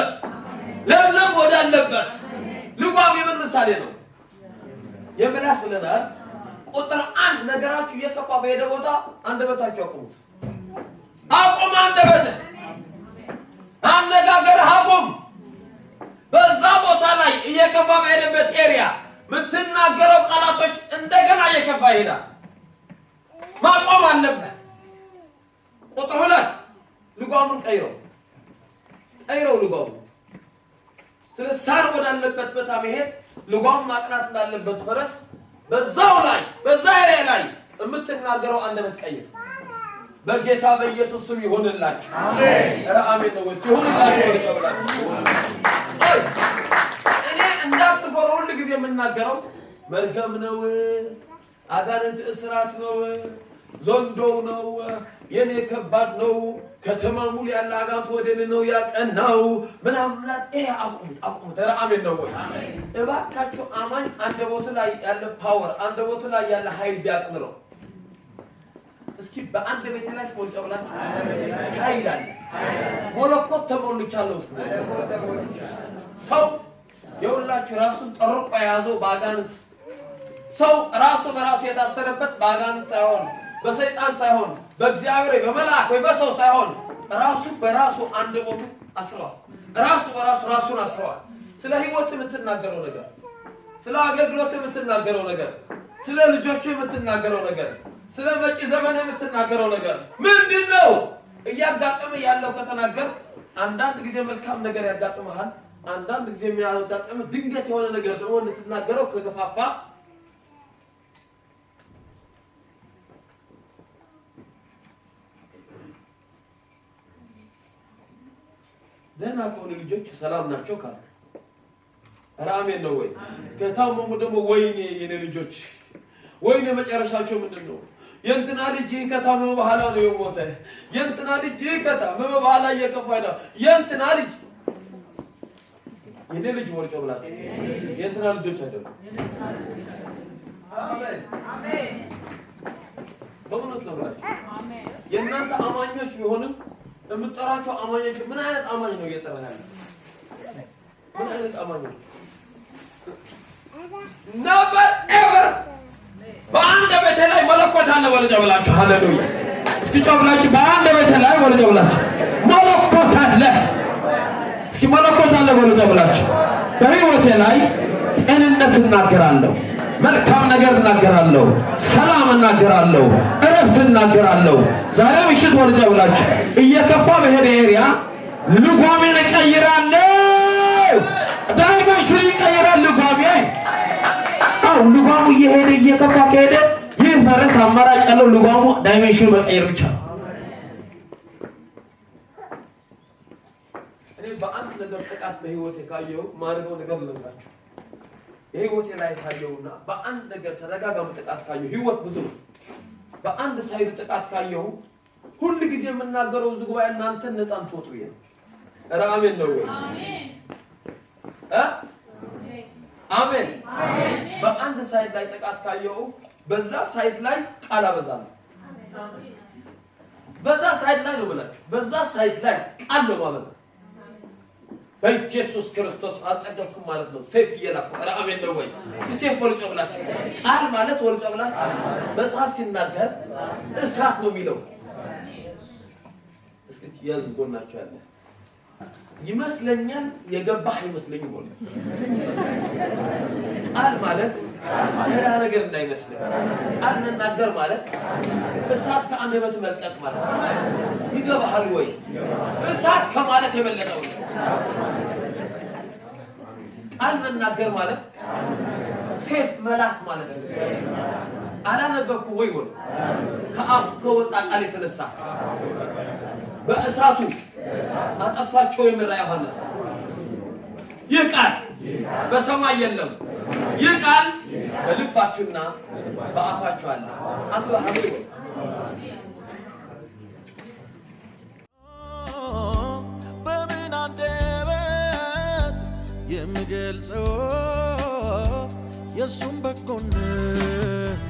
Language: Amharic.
ወዳለበት ለምለም ወዳለበት ልጓም የምን ምሳሌ ነው? የምን ያስብለናል? ቁጥር አንድ ነገራችሁ እየከፋ በሄደ ቦታ አንደበታችሁ አቁሙት። አቁም በት አነጋገር አቁም። በዛ ቦታ ላይ እየከፋ በሄደበት ኤሪያ የምትናገረው ቃላቶች እንደገና እየከፋ ይሄዳል። ማቆም አለበት። ቁጥር ሁለት ልጓሙን ቀይረው ቀይረው ልጓሙ ስለ ሳር ወዳለበት ቦታ መሄድ ልጓም ማቅናት እንዳለበት ፈረስ በዛው ላይ በዛ ኤሪያ ላይ የምትናገረው አንደበት ቀይር። በጌታ በኢየሱስ ስም ይሆንላችሁ። አሜን። ኧረ አሜን ነው ወስቲ ይሆንላችሁ። ይቀበላችሁ። እኔ እንዳትፈሩ ሁል ጊዜ የምናገረው መርገም ነው፣ አጋንንት እስራት ነው ዘንዶው ነው የኔ ከባድ ነው ከተማ ሙሉ ያለ አጋንቶ ወደ ነው ያቀናው ምናምናት ይሄ አቁሙት አቁሙት ረአሜን ነው ወይ እባካችሁ አማኝ ቦት ላይ ያለ ፓወር ቦት ላይ ያለ ሀይል ቢያቅምረው እስኪ በአንድ ቤት ላይ ስሞልጫ ብላችሁ ኃይል አለ ሞለኮት ተሞልቻለሁ እስኪ ሰው የሁላችሁ ራሱን ጠርቆ የያዘው በአጋንንት ሰው ራሱ በራሱ የታሰረበት በአጋንንት ሳይሆን በሰይጣን ሳይሆን በእግዚአብሔር በመልአክ ወይ በሰው ሳይሆን ራሱ በራሱ አንደበቱ አስረዋል። ራሱ በራሱ ራሱን አስረዋል። ስለ ህይወት የምትናገረው ነገር፣ ስለ አገልግሎት የምትናገረው ነገር፣ ስለ ልጆቹ የምትናገረው ነገር፣ ስለ መጪ ዘመን የምትናገረው ነገር ምንድን ነው? እያጋጠመ ያለው ከተናገር አንዳንድ ጊዜ መልካም ነገር ያጋጥመሃል። አንዳንድ ጊዜ የሚያጋጥም ድንገት የሆነ ነገር ደግሞ እንድትናገረው ከገፋፋ ደህና ከሆኑ ልጆች ሰላም ናቸው ካልክ አሜን ነው ወይ? ከታመሙ ደግሞ ወይኔ የኔ ልጆች ወይኔ መጨረሻቸው ምንድን ነው? የእንትና ልጅ ከታመመ በኋላ ነው የሞተ። የእንትና ልጅ ከታመመ በኋላ እየከፋ ነው። የእንትና ልጅ የኔ ልጅ ወርጮ ብላችሁ የእንትና ልጆች አይደሉም። በእውነት ነው ብላችሁ የእናንተ አማኞች ቢሆንም የምጠራቸው አማኞች ምን አይነት አማኝ ነው እየጠራህ ምን አይነት አማኝ ነው? ነበር ኤቨር በአንድ ቤተ ላይ መለኮት አለ። ወለደ ብላችሁ ሃሌሉያ እስኪ ጮብላችሁ በአንድ ቤተ ላይ ወለደ ብላችሁ መለኮት አለ። እስኪ መለኮት አለ ወለደ ብላችሁ በህይወቴ ላይ ጤንነት እናገራለሁ፣ መልካም ነገር እናገራለሁ፣ ሰላም እናገራለሁ በእረፍት እናገራለሁ። ዛሬ ምሽት ወርጃ ብላችሁ እየከፋ መሄድ ኤሪያ ልጓሜን እቀይራለሁ። ዳይመንሽ ይቀይራል ልጓሜ። አዎ ልጓሙ እየሄደ እየከፋ ከሄደ ይህ ፈረስ አማራጭ ያለው ልጓሙ ዳይመንሽን መቀየር ብቻ እኔ በአንድ ነገር ጥቃት በህይወቴ ካየሁ ማድረገው ነገር ልንጋቸው የህይወቴ ላይ ካየሁና በአንድ ነገር ተደጋጋሚ ጥቃት ካየው ህይወት ብዙ ነው በአንድ ሳይድ ጥቃት ካየሁ ሁል ጊዜ የምናገረው እዚህ ጉባኤ እናንተን ነፃ እንትወጡ ነው። ኧረ አሜን ነው ወይ? አሜን። በአንድ ሳይድ ላይ ጥቃት ካየው በዛ ሳይድ ላይ ቃል አበዛለሁ። በዛ ሳይድ ላይ ነው ብላችሁ በዛ ሳይድ ላይ ቃል ነው ማበዛ በኢየሱስ ክርስቶስ አጠገብኩ ማለት ነው። ሴፍ እየላኩ ኧረ አሜን ነው ወይ? ሴፍ ወልጮ ብላችሁ ቃል ማለት ወልጮ ብላችሁ መጽሐፍ ሲናገር እሳት ነው የሚለው። እስኪ ያዝ ጎናችሁ ያለ ይመስለኛል የገባህ አይመስለኝም። ቃል ማለት ደህና ነገር እንዳይመስል ቃል ማለት እሳት ከአንደበት መልቀቅ ማለት ይገባሃል ወይ? እሳት ከማለት የበለጠው ቃል መናገር ማለት ሴፍ መላክ ማለት ነው። አላነበብኩ ወይ ወ ከአፍ ከወጣ ቃል የተነሳ በእሳቱ አጠፋቸው የምራ ዮሐንስ ይህ ቃል በሰማይ የለም። ይህ ቃል በልባችሁና በአፋችሁ አለ። አብርሃም በምን አንደበት የምገልጸው የእሱም በጎነት